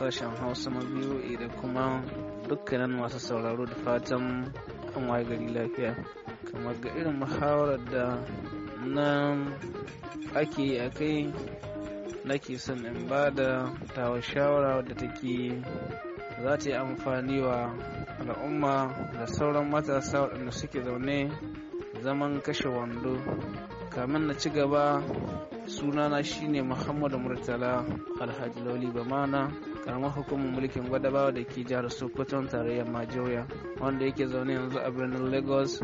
sashen hausa na biyu eh, da kuma dukkanin masu sauraro da fatan an waye gari lafiya kamar ga irin muhawarar da na ake yi a kai nake son in ba da tawa shawara da take za ta yi amfani wa al'umma da sauran matasa waɗanda suke zaune zaman kashe wando kamin na ci gaba sunana shine muhammadu murtala alhaji lauli bamana karamar hukumar mulkin gwadabawa da ke jihar sokoton tarayyar majoya wanda yake zaune yanzu a birnin lagos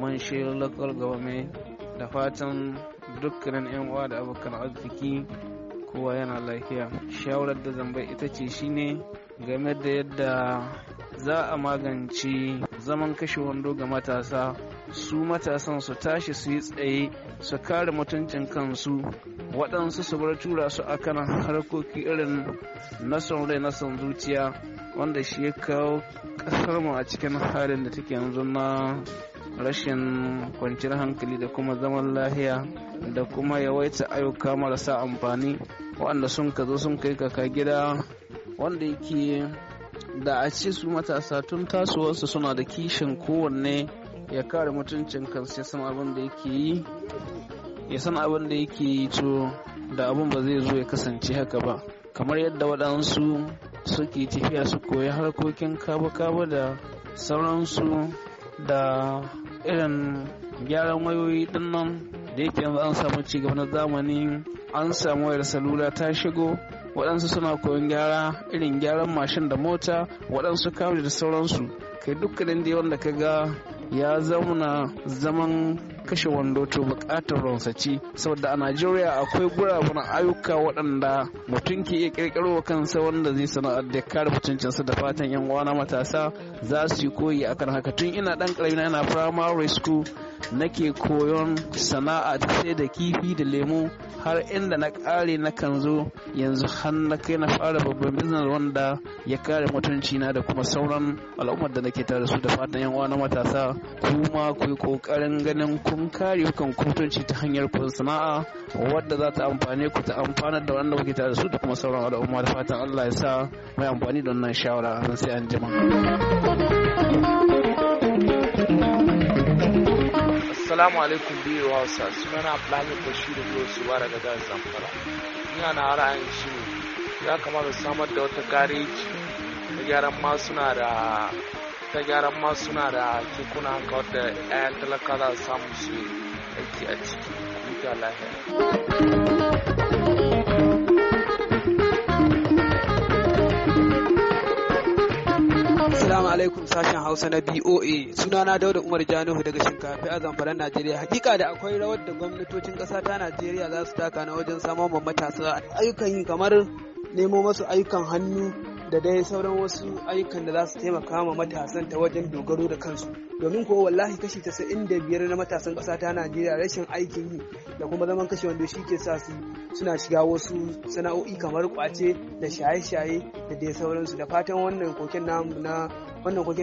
munshi local government da fatan dukkanin yan uwa da abokan arziki kowa yana lafiya shawarar da zamba ita ce shine game da yadda za a magance zaman kashe wando ga matasa su matasan su tashi su yi tsaye su kare mutuncin kansu waɗansu su bar tura su a kan harkoki irin na son rai na son zuciya wanda shi ya kawo ƙasar mu a cikin halin da take yanzu na rashin kwanciyar hankali da kuma zaman lahiya da kuma yawaita ayyuka marasa amfani waɗanda sun ka zo sun kai kaka gida wanda yake da a ce su matasa tun tasowarsu suna da kishin kowanne ya kare mutuncin kansu ya san abin da yake yi ya san abin da yake yi to da abin ba zai zo ya kasance haka ba kamar yadda waɗansu suke tafiya su koyi harkokin kaba-kaba da sauransu da irin gyaran wayoyi dinnan da yake yanzu an samu cigaba na zamani an samu wayar salula ta shigo waɗansu suna koyon gyara irin gyaran mashin da mota waɗansu kamar da sauransu kai dukkanin da wanda ka ga ya zauna zaman kashe wando to bukatar ransa saboda a najeriya akwai guraben ayyuka waɗanda mutum ke iya kirkiro kansa wanda zai sana'ar da kare mutuncinsa da fatan yan uwana matasa za su yi koyi akan haka tun ina dan na ina primary school nake koyon sana'a ta sai da kifi da lemu har inda na kare na kan zo yanzu har na kai na fara babban business wanda ya kare mutunci na da kuma sauran al'ummar da nake tare su da fatan yan na matasa kuma ku yi kokarin ganin kun kare kan mutunci ta hanyar kun sana'a wadda za ta amfane ku ta amfanar da wanda kuke tare su da kuma sauran al'umma da fatan Allah ya sa mai amfani da wannan shawara sai an jima. Assalamu alaikum biyu Hausa sunana Abdulhamid Bashir Yosuwa daga jihar Zamfara. Ina na ra'ayin shi ne ya kamata samar da wata gareji ta gyaran masuna da ta gyaran masuna da kekuna haka wadda 'ya'yan talaka za su samu su aiki a ciki huta lafiya Assalamu alaikum sashen Hausa na BOA sunana Dauda Umar Janihu daga Shinkafi a Zamfaran Najeriya. Hakika da akwai rawar da gwamnatocin ƙasa ta Najeriya za su taka na wajen samar wa matasa ayyukan yi kamar nemo masu ayyukan hannu da dai sauran wasu ayyukan da za su taimaka ma matasan ta wajen dogaro da kansu domin kuwa wallahi kashi tasa'in da biyar na matasan ƙasa ta najeriya rashin aikin yi da kuma zaman kashe wando shi ke sa su suna shiga wasu sana'o'i kamar kwace da shaye-shaye da dai sauransu da fatan wannan koken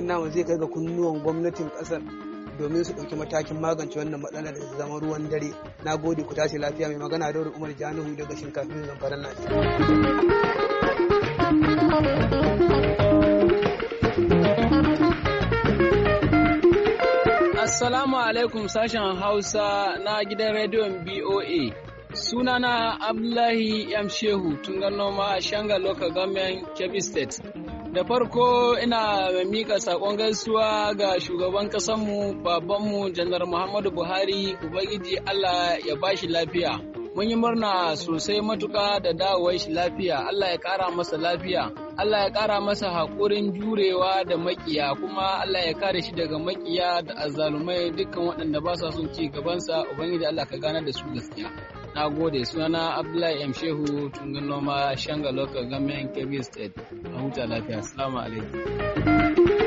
namu zai kai ga kunnuwan gwamnatin ƙasar domin su ɗauki matakin magance wannan matsalar da zama ruwan dare na gode ku tashi lafiya mai magana da umar janihu daga shinkafin zamfaran najeriya Assalamu alaikum sashen Hausa na gidan rediyon BOA. Sunana Abdullahi Yamshehu tun noma a Shanga Local Government Kebbi State. da farko ina mika sakon gaisuwa ga shugaban kasanmu babanmu janar muhammadu buhari ubangiji allah ya ba shi lafiya mun yi murna sosai matuka da dawowar shi lafiya allah ya kara masa lafiya allah ya ƙara masa haƙurin jurewa da maƙiya kuma allah ya kare shi daga makiya da azzalumai dukkan waɗanda ba sa son ci gabansa ubangiji allah ka gana da su gaskiya Na gode sunana Abdullahi M. Shehu tungin noma Shanga Local Government Kebbi State. A huta lafiya. Assalamu alaikum.